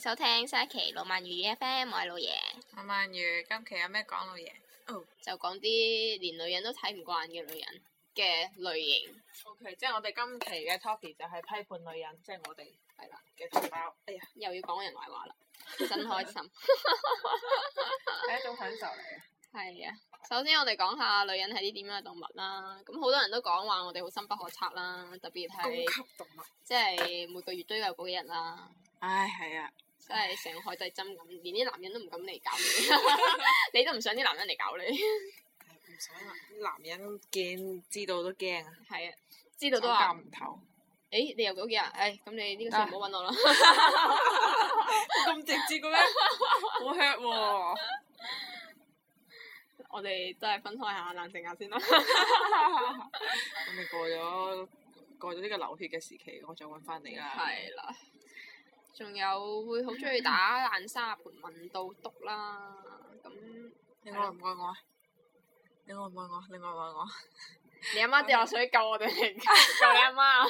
收聽新一期羅曼如嘅 FM，我係老爺。羅曼如，今期有咩講，老爺？哦，就講啲連女人都睇唔慣嘅女人嘅類型。O、okay, K，即係我哋今期嘅 topic 就係批判女人，即、就、係、是、我哋係啦嘅同胞。哎呀，又要講人壞話啦， 真開心，係一種享受嚟嘅、啊。係啊，首先我哋講下女人係啲點樣嘅動物啦。咁好多人都講話我哋好深不可測啦，特別係動物，即係每個月都有嗰日啦。唉、哎，係、哎、啊。哎都係成海底針咁，連啲男人都唔敢嚟搞你， 你都唔想啲男人嚟搞你。唔、嗯、想啊！男人驚，知道都驚啊。係啊，知道都話。搞唔透。誒、欸，你又嗰幾日？誒、欸，咁你呢個時候唔好揾我啦。咁 直接嘅咩？好 hurt 喎！ 我哋都係分開下冷靜下先啦、啊。咁你 你過咗過咗呢個流血嘅時期，我再揾翻你啦。係啦。仲有會好中意打爛沙盤問到篤啦，咁你愛唔愛我？你愛唔愛我？你愛唔愛我？ 你阿媽掉落水 救我哋，救你阿媽？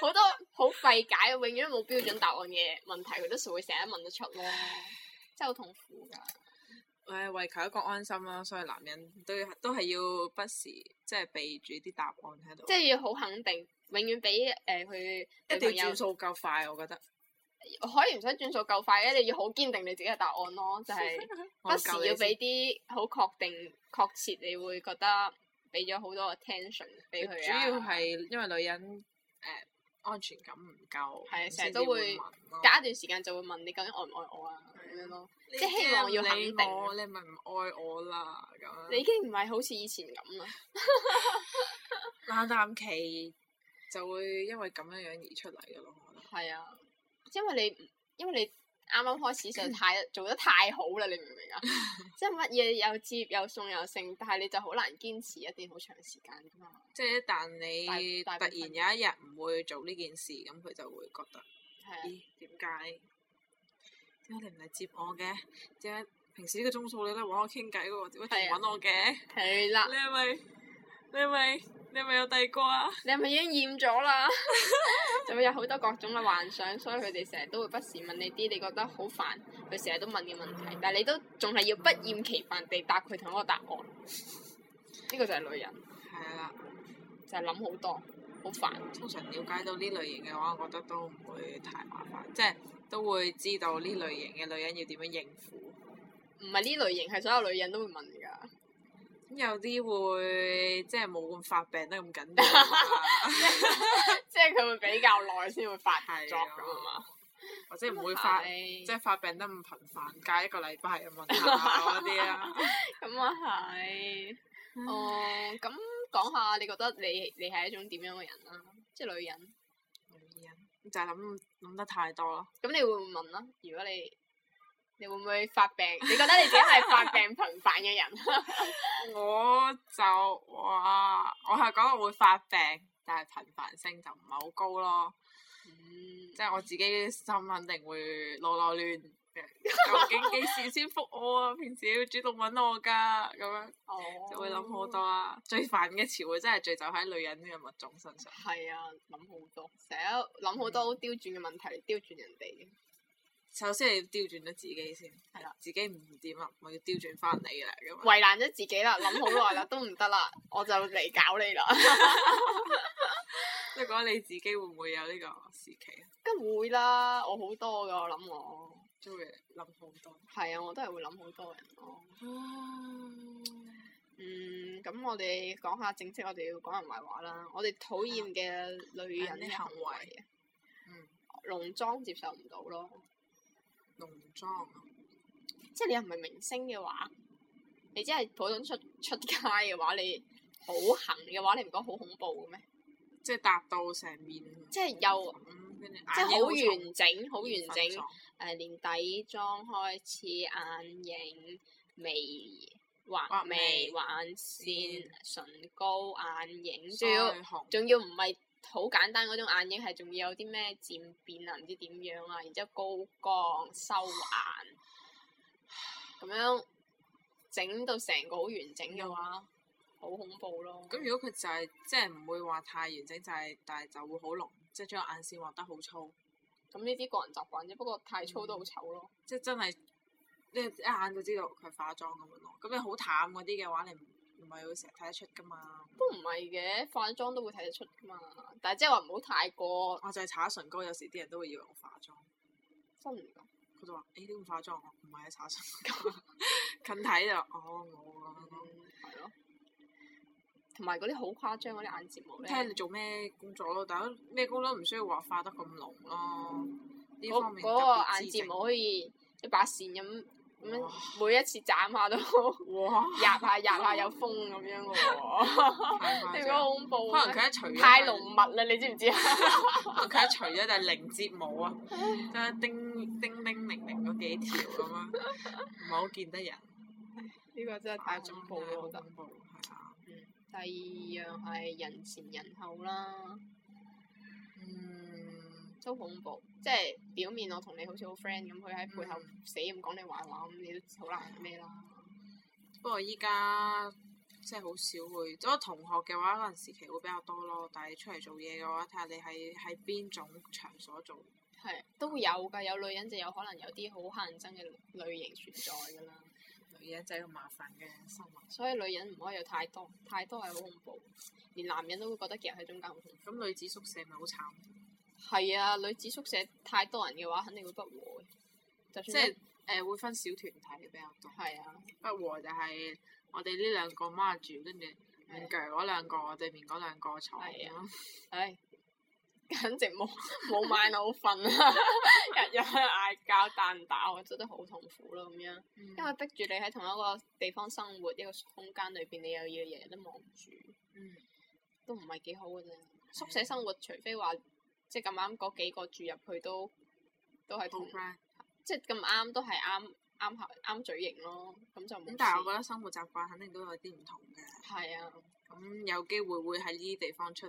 好 多好費解，永遠冇標準答案嘅問題，佢 都成會成日問得出咯，真係好痛苦㗎。誒，為求一個安心啦，所以男人都都係要不時即係備住啲答案喺度。即係要好肯定，永遠俾誒佢。呃、一定要轉數夠快，我覺得。可以唔使轉數夠快嘅，你要好堅定你自己嘅答案咯。就係、是、不時要俾啲好確定確切，你會覺得俾咗好多 attention 俾佢啊。主要係因為女人誒、呃、安全感唔夠，係成日都會隔一段時間就會問你究竟愛唔愛我啊咁樣對咯。即係希望要肯定你我，你咪唔愛我啦咁樣，你已經唔係好似以前咁啦， 冷淡期就會因為咁樣樣而出嚟嘅咯。係 啊。因為你，因為你啱啱開始就太 做得太好啦，你明唔明啊？ 即係乜嘢又接又送又剩，但係你就好難堅持一段好長時間噶嘛。即係一旦你突然有一日唔會做呢件事，咁佢 就會覺得，咦、 欸，點解點解你唔嚟接我嘅？點解平時呢個鐘數你都揾我傾偈嘅，點解突然唔揾我嘅？係啦 對了，你係咪你係咪？你咪有第二個啊？你係咪已經厭咗啦？就 會有好多各種嘅幻想，所以佢哋成日都會不時問你啲你覺得好煩，佢成日都問嘅問題，但係你都仲係要不厭其煩地答佢同一個答案。呢 個就係女人。係啊了，就係諗好多，好煩。通常了解到呢類型嘅話，我覺得都唔會太麻煩，即係都會知道呢類型嘅女人要點樣應付。唔係呢類型，係所有女人都會問㗎。有啲會即係冇咁發病得咁緊要， 即係佢會比較耐先會發作咁 啊，或者唔會發，啊、即係發病得咁頻繁，隔一個禮拜咁問下啲啦、啊。咁啊係，哦、啊，咁、嗯嗯啊、講下你覺得你你係一種點樣嘅人啊？即係女人，女人、嗯、就係諗諗得太多咯。咁你會唔會問啊？如果你？你會唔會發病？ 你覺得你自己係發病頻繁嘅人？ 我就話我係講到會發病，但係頻繁性就唔係好高咯。嗯、即係我自己心肯定會囉囉攣，究竟幾時先覆我啊？ 平時要主動搵我噶咁樣，哦、就會諗好多。最煩嘅詞彙真係聚焦喺女人呢個物種身上。係啊，諗好多，成日諗好多刁鑽嘅問題，嗯、刁轉人哋。首先你要調轉咗自己先，係啦的，自己唔掂啦，我要調轉翻你啦，咁為難咗自己啦，諗好耐啦， 都唔得啦，我就嚟搞你啦。即係講你自己會唔會有呢個時期？梗會啦，我好多噶，我諗我都會諗好多。係啊，我都係會諗好多人咯。 嗯，咁我哋講下正式我，我哋要講人壞話啦。我哋討厭嘅女人行為，濃妝、嗯嗯、接受唔到咯。濃妝即係你又唔係明星嘅話，你只係普通出出街嘅話，你好行嘅話，你唔覺得好恐怖嘅咩？即係達到成面，即係又，即係好完整，好完整。誒、呃，連底妝開始，眼影、眉畫眉、眼線、嗯、唇膏、眼影，仲要仲要唔係。學好簡單嗰種眼影係仲要有啲咩漸變啊，唔知點樣啊，然之後高光收眼，咁樣整到成個好完整嘅話，好恐怖咯。咁、嗯、如果佢就係，即係唔會話太完整，就係但係就會好濃，即係將眼線畫得好粗。咁呢啲個人習慣啫，不過太粗都好醜咯。即係真係一一眼就知道佢化妝咁樣咯。咁你好淡嗰啲嘅話，你唔係會成日睇得出噶嘛？都唔係嘅，化咗妝都會睇得出噶嘛。但係即係話唔好太過。我就係搽唇膏，有時啲人都會以為我化妝。真㗎？佢就話：，誒、欸，你唔化妝，唔係係搽唇膏。 近睇就，哦，我係、啊、咯。同埋嗰啲好誇張嗰啲眼睫毛咧。睇你做咩工作咯？但係咩工都唔需要話化得咁濃咯。呢方、那個、眼睫毛可以一把扇咁。每一次斬下都，夾下夾下有風咁樣嘅喎，呢個好恐怖。可能佢一除咗太濃密啦，你知唔知啊？佢一除咗就零睫毛啊，即係叮叮叮零零嗰幾條咁樣，唔係好見得人。呢個真係大恐怖，我覺得，第二樣係人前人後啦，嗯。都恐怖！即係表面我同你好似好 friend 咁，佢喺背後死咁講你壞話咁，你都好難咩啦。不過依家即係好少會，都同學嘅話可能時期會比較多咯。但係出嚟做嘢嘅話，睇下你係喺邊種場所做。係，都有㗎。有女人就有可能有啲好乞人憎嘅類型存在㗎啦。女人真係好麻煩嘅生活，所以女人唔可以有太多，太多係好恐怖，連男人都會覺得其實夾喺中間好恐怖咁、嗯、女子宿舍咪好慘？係啊，女子宿舍太多人嘅話肯定會不和，即係誒會分小團體比較多。係啊，不和就係我哋呢兩個孖住，跟住鋸嗰兩個對面嗰兩個坐，係啊，唉，簡直冇冇買腦瞓啊！日日去嗌交打打我，覺得好痛苦咯咁樣。因為逼住你喺同一個地方生活一個空間裏邊，你又要日日都望住，都唔係幾好嘅啫。宿舍生活，除非話。即咁啱嗰幾個住入去都都係同 friend，Okay. 即咁啱都係啱啱合啱嘴型咯，咁就唔。咁但係我覺得生活習慣肯定都有啲唔同嘅。係啊。咁、嗯、有機會會喺呢啲地方出。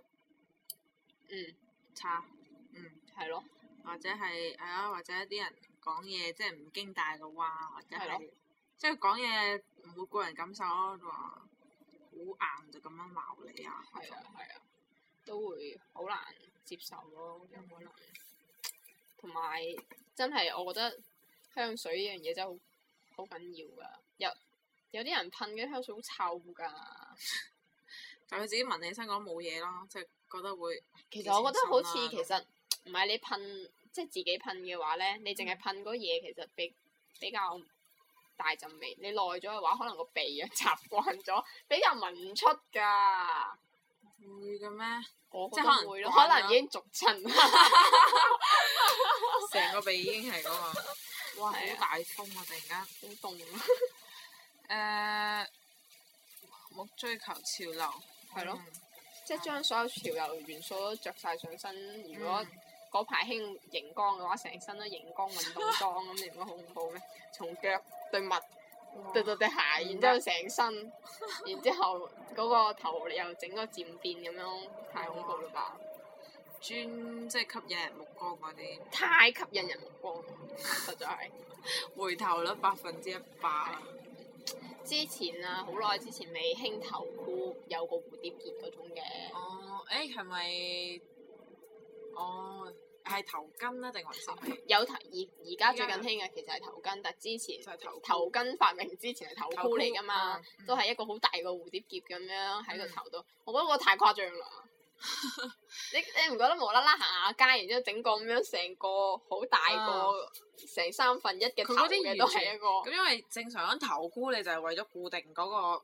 嗯。差。嗯。係咯、啊。或者係係啊，或者一啲人講嘢即係唔經大嘅話，或者係、啊、即係講嘢唔會顧人感受咯，話好硬就咁樣鬧你啊。係啊係啊，啊，都會好難。接受咯，有可能。同埋真係，我覺得香水呢樣嘢真係好好緊要噶。有有啲人噴嘅香水好臭噶，但佢 自己聞起身講冇嘢咯，即、就、係、是、覺得會。其實我覺得好似其實唔係你噴，即、就、係、是、自己噴嘅話咧，你淨係噴嗰嘢其實比比較大陣味。你耐咗嘅話，可能個鼻啊習慣咗，比較聞唔出噶。會嘅咩？我覺得可能會了，可能已經俗進，成個鼻已經係咁啊！哇，好的大風啊！突然間，好凍啊！誒，冇追求潮流，係咯，嗯、即係將所有潮流元素都着晒上身。如果嗰排興熒光嘅話，成身都熒光運動裝咁， 你唔覺好恐怖咩？從腳對襪。脫脫對鞋，然之後成身， 然之後嗰個頭又整個漸變咁樣，太恐怖啦吧？專即係吸引人目光嗰啲，太吸引人目光，實在係回頭率百分之一百。 之前啊，好耐之前未興頭箍，有個蝴蝶結嗰種嘅、哦。哦，誒係咪？哦。係頭巾啦，定還是有頭而而家最近興嘅，其實係頭巾。但之前就頭巾頭巾發明之前係頭箍嚟噶嘛，嗯、都係一個好大個蝴蝶結咁樣喺個、嗯、頭度。我覺得嗰個太誇張啦！ 你你唔覺得無啦啦行下街，然之後個整個咁樣，成個好大個成三分一嘅頭嘢都係一個。咁因為正常講頭箍，你就係為咗固定嗰個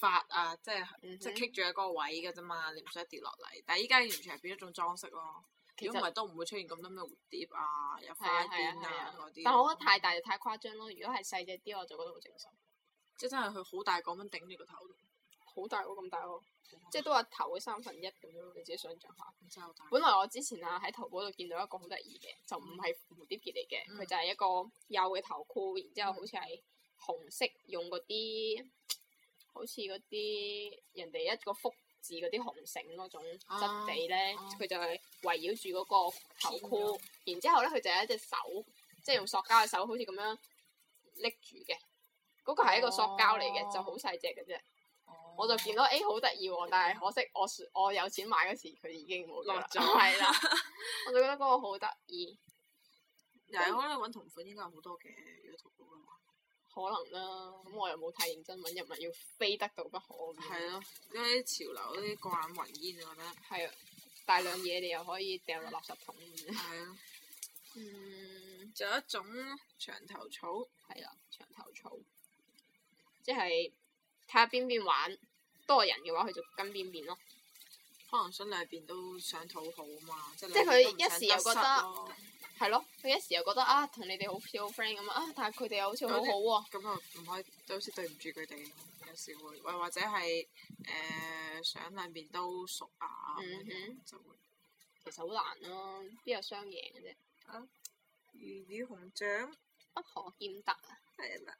髮啊，即係即係棘住喺嗰個位嘅啫嘛，你唔使跌落嚟。但係依家完全係變咗種裝飾咯。如果唔係都唔會出現咁多咩蝴蝶啊，有花邊啊嗰啲。但我覺得太大就太誇張咯。如果係細隻啲，我就覺得好正常。即係真係佢好大個噉頂住個頭好大個咁大個，即係都話頭嘅三分一咁樣，你自己想象下。咁細好大。本來我之前啊喺淘寶度見到一個好得意嘅，就唔係蝴蝶結嚟嘅，佢、嗯、就係一個幼嘅頭箍，然之後，後好似係紅色，用嗰啲、嗯、好似嗰啲人哋一個福。嗰啲紅繩嗰種質地咧，佢、啊啊、就係圍繞住嗰個頭箍，了然之後咧佢就係一隻手，即、就、係、是、用塑膠嘅手好似咁樣拎住嘅，嗰、那個係一個塑膠嚟嘅，哦、就好細隻嘅啫。哦、我就見到，哎、欸，好得意喎！但係可惜我我有錢買嗰時，佢已經冇落咗，係啦。 我就覺得嗰個好得意，但係可能揾同款應該有好多嘅，如果淘寶。可能啦，咁我又冇太認真揾，又唔要非得到不可。係咯，因為潮流啲過眼雲煙，我覺得。係、 嗯、啊，大量嘢你又可以掉落垃圾桶。係啊， 嗯，仲有一種牆頭草。係 啊，牆頭草。即係睇下邊邊玩，多人嘅話佢就跟邊邊咯。可能想兩邊都想討好啊嘛，即係兩邊都唔想得失咯、啊。係咯，佢一時又覺得啊，同你哋好 fit 好 friend 咁啊，但係佢哋又好似好好喎。咁啊，唔可以，好似對唔住佢哋，有時會，或或者係誒想兩邊都熟啊，嗯、哼就會其實好難咯、啊，邊有雙贏嘅、啊、啫？啊，魚與熊掌，不可兼得啊！係啦了，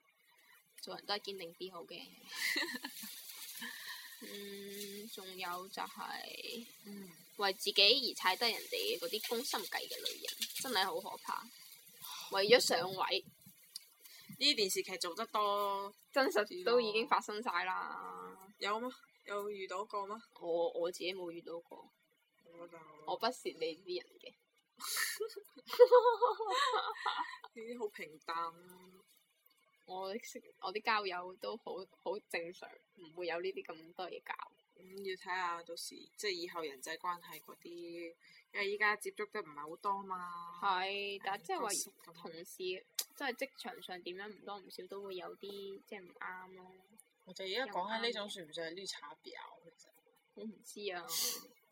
做人都係堅定啲好嘅。 嗯，仲有就係、是，嗯、為自己而踩低人哋嗰啲攻心計嘅女人，真係好可怕。唉為咗上位，呢啲電視劇做得多，真實都已經發生晒啦、啊。有嗎？有遇到過嗎？我我自己冇遇到過。我，我不屑呢啲人嘅，呢啲好平淡。我識我啲交友都好好正常，唔會有呢啲咁多嘢搞、嗯。咁要睇下到時，即係、就是、以後人際關係嗰啲，因為依家接觸得唔係好多嘛。係，但係即係話同事，即、就、係、是、職場上點樣唔多唔少都會有啲即係唔啱咯。就而、是、家、啊、講緊呢種對算唔算綠茶婊？啊、 我唔知啊，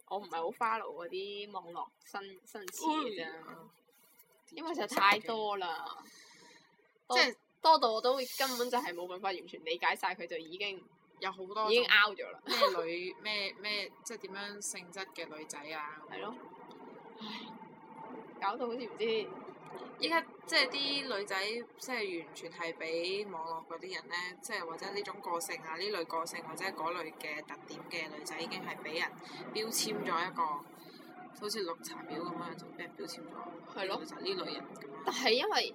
我唔係好 follow 嗰啲網絡新新詞㗎。哦嗯嗯啊、因為實在太多啦。即係。多到我都根本就係冇辦法完全理解晒，佢就已經有好多已經 out 咗啦。咩女咩咩即係點樣性質嘅女仔啊？係咯，唉，搞到好似唔知。依家即係啲女仔，即係完全係俾網絡嗰啲人咧，即係或者呢種個性啊，呢類個性或者嗰類嘅特點嘅女仔，已經係俾人標籤咗一個對咯 好似綠茶婊咁樣，就俾人標籤咗，其實呢類人。但係因為。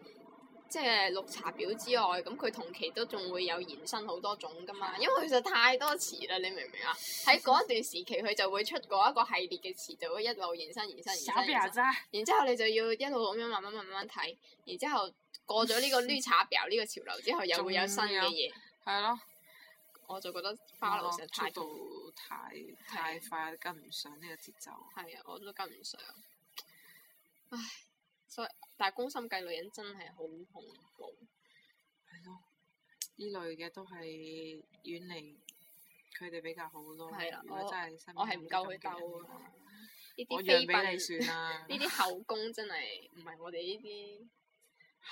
即係綠茶婊之外，咁佢同期都仲會有延伸好多種噶嘛，因為其實太多詞啦，你明唔明啊？喺嗰一段時期，佢就會出過一個系列嘅詞，就會一路延伸延伸延伸，延伸，啊、然之後你就要一路咁樣慢慢慢慢睇，然之後過咗呢個綠茶婊呢、這個潮流之後，又會有新嘅嘢。係咯，我就覺得花路上太過、哦、太太快，的跟唔上呢個節奏。係啊，我都跟唔上，唉。所以，但係公心計，女人真係好恐怖，係咯，呢類嘅都係遠離佢哋比較好咯。係啊了，真我我係唔夠佢鬥。我讓俾你算啦。呢啲 後宮真係唔係我哋呢啲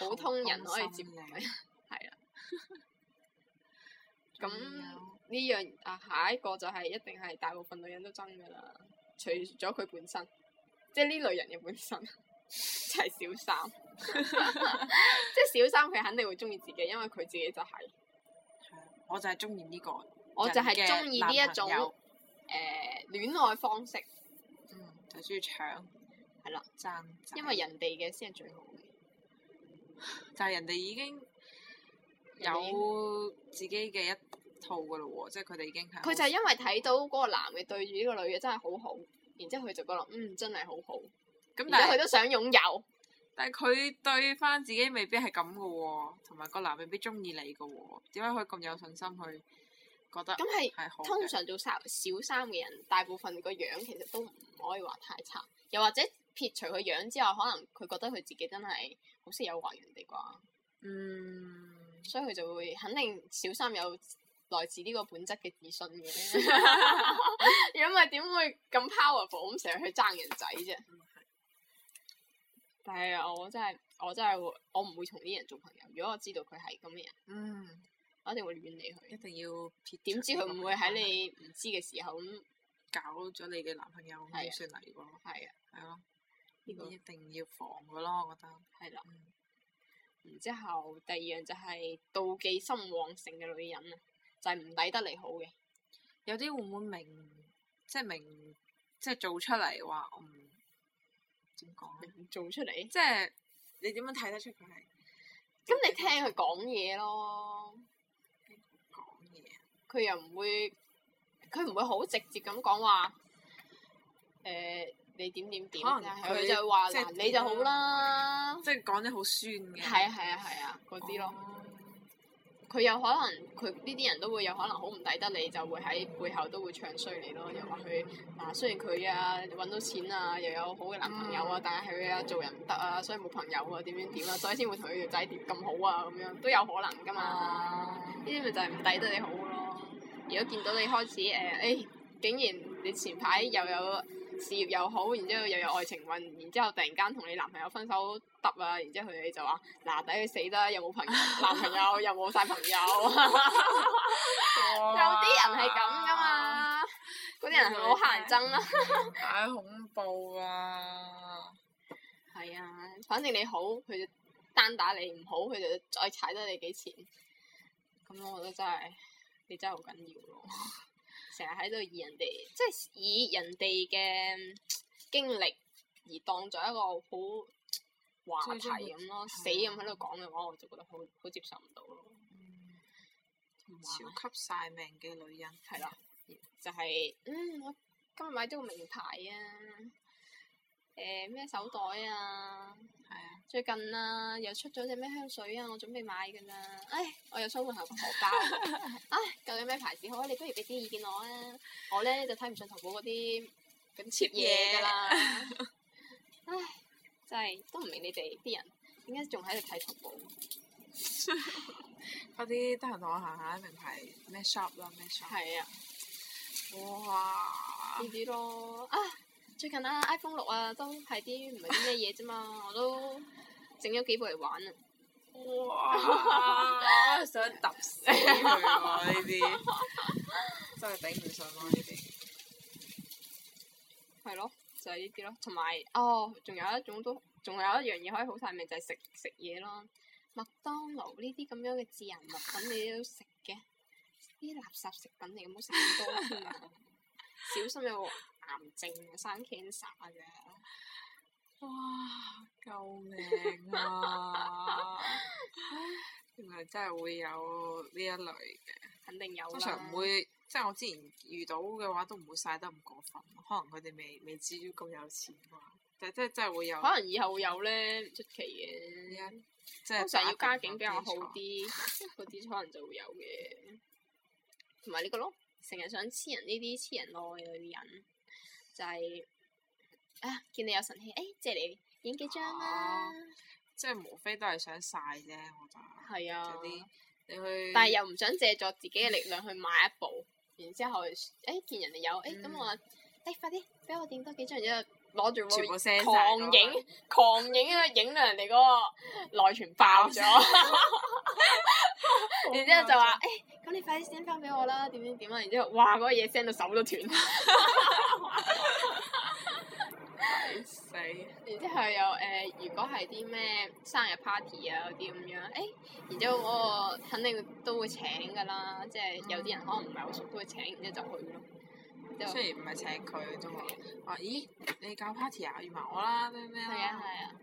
普通人可以接觸。係啊。咁呢樣啊，下一個就係一定係大部分女人都憎噶啦，除咗佢本身，即係呢類人嘅本身。係 小三，即係小三，佢肯定會中意自己，因為佢自己就係、是。我就係中意呢個，我就係中意呢一種誒戀愛方式。嗯，就中意搶係啦，了爭仔，因為人哋嘅先係最好嘅， 就係人哋已經有自己嘅一套噶咯喎， 即係佢哋已經係佢就係因為睇到嗰個男嘅對住呢個女嘅真係好好，然之後佢就覺得嗯真係好好。咁但係佢都想擁有但，但係佢對翻自己未必係咁噶喎，同埋個男未必中意你噶喎，哦，點解可以咁有信心去覺得是？咁係通常做小三嘅人，大部分個樣其實都唔可以話太差，又或者撇除個樣之外，可能佢覺得佢自己真係好識誘惑人哋啩？嗯，所以佢就會肯定小三有來自呢個本質嘅自信嘅，如果唔係點會咁 powerful 咁成日去爭人仔啫？係啊，我真係我真係會，我唔會同啲人做朋友。如果我知道佢係咁嘅人，嗯，我一定會遠離佢。一定要點知佢唔會喺你唔知嘅時候咁搞咗你嘅男朋友，唔的算係喎。係啊，係咯，呢個一定要防㗎咯，我覺得。係啦的，嗯、然之後第二樣就係妒忌心旺盛嘅女人啊，就係唔抵得你好嘅。有啲會唔會明，即係明，即係做出嚟話我唔？點講？啊、做出嚟，即係你點樣睇得出佢係？咁你聽佢講嘢咯。講嘢，佢又唔會，佢唔會好直接咁講話。誒、呃，你點點點？可能佢就話嗱，你就好啦。即係講得好酸嘅。係啊係啊係啊，嗰啲、oh. 咯。佢有可能，佢呢啲人都會有可能好唔抵得你，就會喺背後都會唱衰你咯。又話佢嗱，雖然佢啊揾到錢啊，又有好嘅男朋友啊，但係佢啊做人唔得啊，所以冇朋友啊，點樣點啊，所以先會同佢條仔咁好啊，咁樣都有可能噶嘛。呢啲咪就係唔抵得你好咯。如果見到你開始誒、呃，哎，竟然你前排又有～事業又好，然之後又有愛情運，然之後突然間同你男朋友分手，揼啊！然之後佢哋就話：嗱，抵佢死得，又冇朋 男朋友又冇晒朋友，有啲人係咁噶嘛？嗰啲 人係好乞人憎啊，嗯、 太恐怖啊。」係 啊，反正你好，佢就單打你唔好，佢就再踩得你幾錢。咁我覺得真係你真係好緊要咯～ 成日喺度以人哋，即係以人哋嘅經歷而當作一個好話題咁咯，死咁喺度講嘅話，嗯、我就覺得好好接受唔到咯。嗯、超級晒命嘅女人係啦、嗯， 就係、係、嗯，我今日買咗個名牌啊，誒、呃、咩手袋啊～最近啊，又出咗隻咩香水啊，我準備買噶啦。唉，我又出外行個荷包。唉，究竟咩牌子好啊？你不如俾啲意見我啊。我咧就睇唔上淘寶嗰啲咁 cheap 嘢噶啦。唉，真係都唔明你哋啲人點解仲喺度睇淘寶。嗰啲得閒同我行下啲名牌咩 shop 啦，咩 shop。係啊。哇！呢啲咯啊～最近啊，iPhone 6啊，都係啲唔係啲咩嘢啫嘛，我都整咗幾部嚟玩啊！哇，想揼死佢喎呢啲，真係頂唔順咯呢啲。係咯，就係呢啲咯，同埋哦，仲有一種都，仲有一樣嘢可以好曬味就係食食嘢咯。麥當勞呢啲咁樣嘅自然物品你都食嘅，啲垃圾食品你有冇食咁多、啊。小心又、啊、～癌症生 cancer 嘅，哇、啊，救命啊！ 原來真係會有呢一類嘅，肯定有啦。通常唔會，即係我之前遇到嘅話，都唔會晒得咁過分。可能佢哋未未至於咁有錢嘛，但係真係真係會有。可能以後會有咧，出奇嘅。即係通常要家境比較好啲，嗰啲可能就會有嘅。同埋呢個咯，成日想黐人呢啲黐人耐啲人。就係、是、啊，見你有神器，誒、哎、借你影幾張啦、啊啊！即係無非都係想晒啫，我就係啊，啲、就是。你去，但係又唔想借助自己嘅力量去買一部， 然之後誒、哎、見人哋有，誒、哎、咁、嗯、我誒、哎、快啲俾我影多幾張、啊，然之後。攞住，狂影狂影啊！ 影到人哋嗰個內存爆咗，然之後就話：誒，咁你快啲 send 翻俾我啦！點點點啊！然之後，哇！嗰、嗰個嘢 send 到手都斷，抵死！然之後又誒，如果係啲咩生日 party 啊嗰啲咁樣，誒，然之後嗰個肯定都會請噶啦，即係有啲人可能唔係好熟都、嗯嗯、會請，然之後就去咯。雖然唔係請佢啫喎，咦，你搞 party 啊，預埋我啦咩咩啊，呃嗯，啊！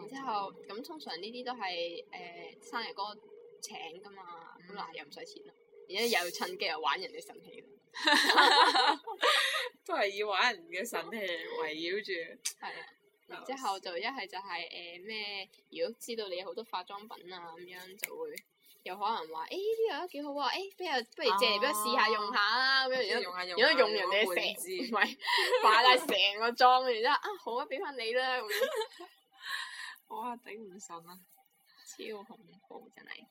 然之後咁通常呢啲都係誒生日歌請噶嘛，咁嗱又唔使錢咯，而家又趁機又玩人哋神器， 都係以玩人嘅神器圍繞住。係啊，然之後就一係就係誒咩，如果知道你有好多化妝品啊咁樣就會。有可能話誒呢啲都幾好啊！誒，不如不如借嚟俾我試下用下啦，咁樣然之後用完嘅唔咪化晒成個妝，然之後啊好啊，俾翻你啦！哇，頂唔順啊，超恐怖真係！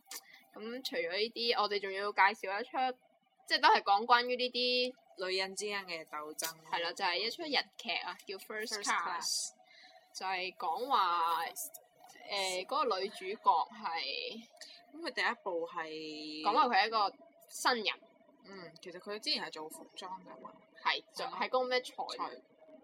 咁除咗呢啲，我哋仲要介紹一出，即係都係講關於呢啲女人之間嘅鬥爭。係啦，就係一出日劇啊，叫《First Class》，就係講話誒嗰個女主角係。咁佢第一步係講話佢係一個新人。嗯，其實佢之前係做服裝噶嘛，係做喺嗰咩材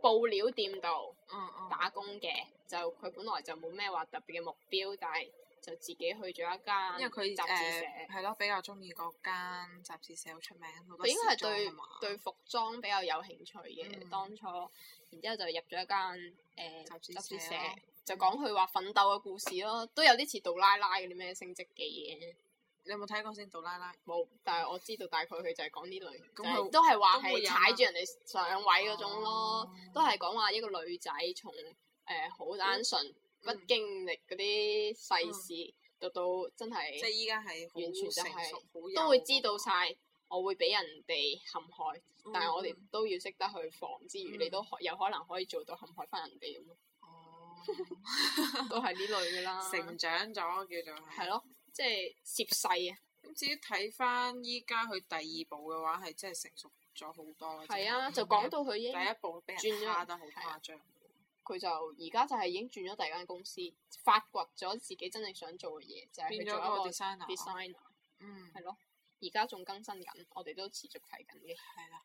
布料店度、嗯，嗯嗯，打工嘅。就佢本來就冇咩話特別嘅目標，但係就自己去咗一間，因為佢雜誌社，係咯比較中意嗰間雜誌社好出、呃、名。應該係對服裝比較有興趣嘅，嗯、當初，然之後就入咗一間誒、呃、雜誌社。嗯。就講佢話奮鬥嘅故事咯，都有啲似杜拉拉嗰啲咩升職記嘅嘢。你有冇睇過先？杜拉拉冇，但係我知道大概佢就係講呢類，就都係話係踩住人哋上位嗰種咯，都係講話一個女仔從誒好單純、乜經歷嗰啲世事，到到真係即係依家係完全就係都會知道晒，我會俾人哋陷害，但係我哋都要識得去防之餘，你都有可能可以做到陷害翻人哋咁。 都係呢類噶啦，成長咗叫做係咯，即係涉世啊。咁至於睇翻依家佢第二部嘅話，係真係成熟咗好多。係啊，就 講到佢已經第一部俾人化得好誇張。佢就而家就係已經轉咗第二間公司，發掘咗自己真正想做嘅嘢，就係、是、去做一個 designer。嗯，係咯，而家仲更新緊，我哋都持續睇緊嘅，係啦。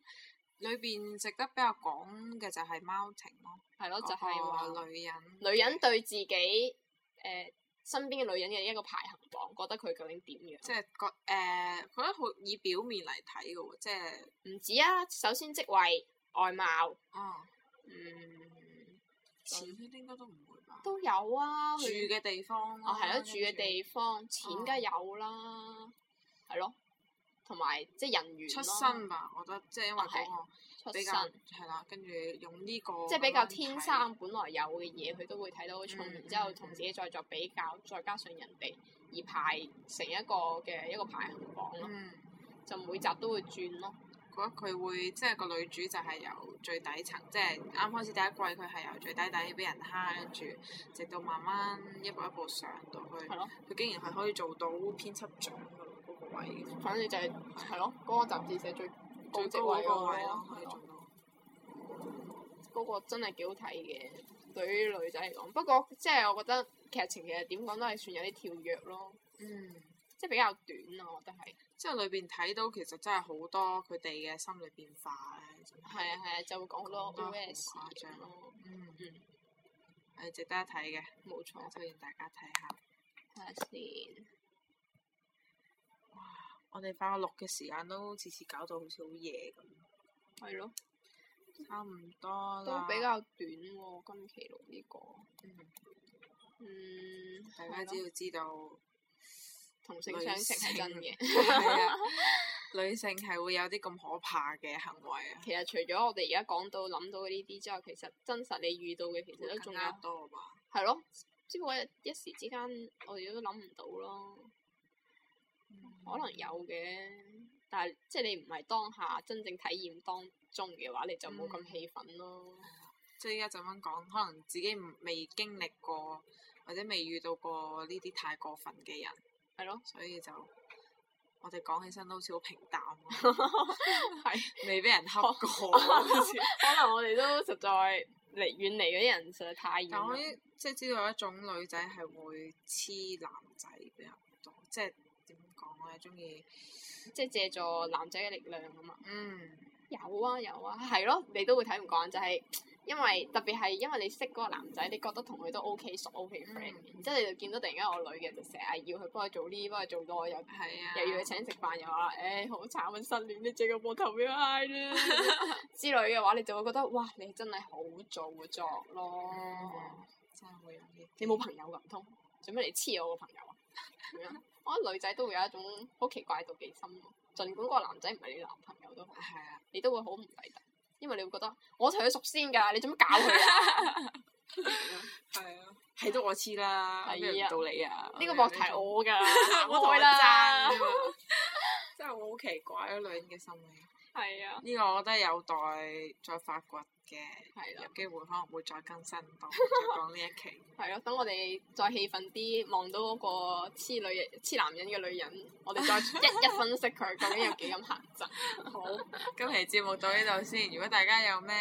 裏邊值得比較講嘅就係貓情咯，係咯，就係話女人，女人對自己誒身邊嘅女人嘅一個排行榜，覺得佢究竟點樣？即係覺誒覺得好以表面嚟睇嘅喎，即係唔止啊。首先職位、外貌，嗯，錢應該都唔會吧？都有啊，住嘅地方，哦係咯，住嘅地方，錢梗係有啦，係咯。同埋即係人緣咯。出身吧，我覺得即係因為嗰個比較係啦，哦，跟住用呢個這即係比較天生本來有嘅嘢，佢都會睇到好重。然、嗯、之後同自己再作比較，再加上人哋而排成一個嘅一個排行榜咯。嗯、就每集都會轉咯。嗯、覺得佢會即係個女主就係由最底層，即係啱開始第一季佢係由最底底俾人蝦，跟住、嗯、直到慢慢一步，一步一步上到去。佢竟然係可以做到編輯編長。反正就係係咯，嗰個雜誌社最最高位嗰位咯，係咯。嗰個真係幾好睇嘅，對於女仔嚟講。不過即係我覺得劇情其實點講都係算有啲跳躍咯。嗯。即係比較短咯，我覺得係。即係裏邊睇到其實真係好多佢哋嘅心理變化。係啊係啊，就會講好多 O.S。誇張。嗯嗯。係值得睇嘅，冇錯，就歡迎大家睇下。睇下先。我哋翻學錄嘅時間都次次搞到好似好夜咁。係咯。差唔多啦。都比較短喎，今期錄呢個。嗯。大家只要知道同性相斥係真嘅。係啊，女性係會有啲咁可怕嘅行為。其實除咗我哋而家講到諗到呢啲之外，其實真實你遇到嘅其實都仲有多嘛。係咯，只不過一一時之間，我哋都諗唔到咯。可能有嘅，但係即係你唔係當下真正體驗當中嘅話，你就冇咁氣憤咯。嗯嗯、即係依家就咁講，可能自己未經歷過，或者未遇到過呢啲太過分嘅人，係咯，所以就我哋講起身都好似好平淡。係 是，未俾人恰過。 可能我哋都實在離遠離嗰啲人實在太遠。我即係知道有一種女仔係會黐男仔比較多，即係。我係中意，即係借助男仔嘅力量咁嘛。嗯有、啊，有啊有啊，係咯，你都會睇唔慣，就係、是、因為特別係因為你識嗰個男仔，你覺得同佢都 OK 熟 OK、嗯、friend，然之後你就見到突然間我女嘅就成日要佢幫佢做啲幫佢做多又，啊、又要佢請食飯又話，誒好慘啊失戀你借個膊頭俾我揩啦之類嘅話，你就會覺得哇，你真係好做作咯，嗯、真係好有啲，你冇朋友噶唔通，做咩你黐我個朋友啊？咁樣 我覺得女仔都會有一種好奇怪嘅妒忌心喎，儘管嗰個男仔唔係你男朋友都係啊，你都會好唔抵得，因為你會覺得我同佢熟先㗎，你做乜搞佢啊？係啊，係都我黐啦，理唔到你啊！呢個博題我㗎，我同佢爭，真係好奇怪嗰女人嘅心理。係啊，呢個我覺得有待再發掘。係啦，對有機會可能會再更新到再講呢一期。係咯， 等我哋再氣憤啲，望到嗰個黐女黐男人嘅女人，我哋再一一分析佢 究竟有幾咁殘疾。好，今期節目到呢度先。如果大家有咩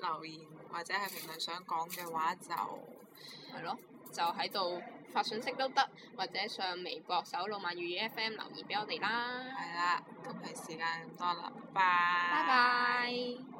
留言或者係評論想講嘅話就，就係咯，就喺度發信息都得，或者上微博搜魯萬語 FM 留言俾我哋啦。係啦，今期時間咁多啦，拜。拜。